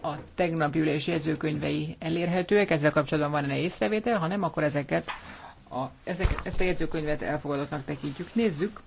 a tegnap ülés jegyzőkönyvei elérhetőek, ezzel kapcsolatban van-e észrevétel, ha nem, akkor ezeket a, ezek, ezt a jegyzőkönyvet elfogadottnak tekintjük. Nézzük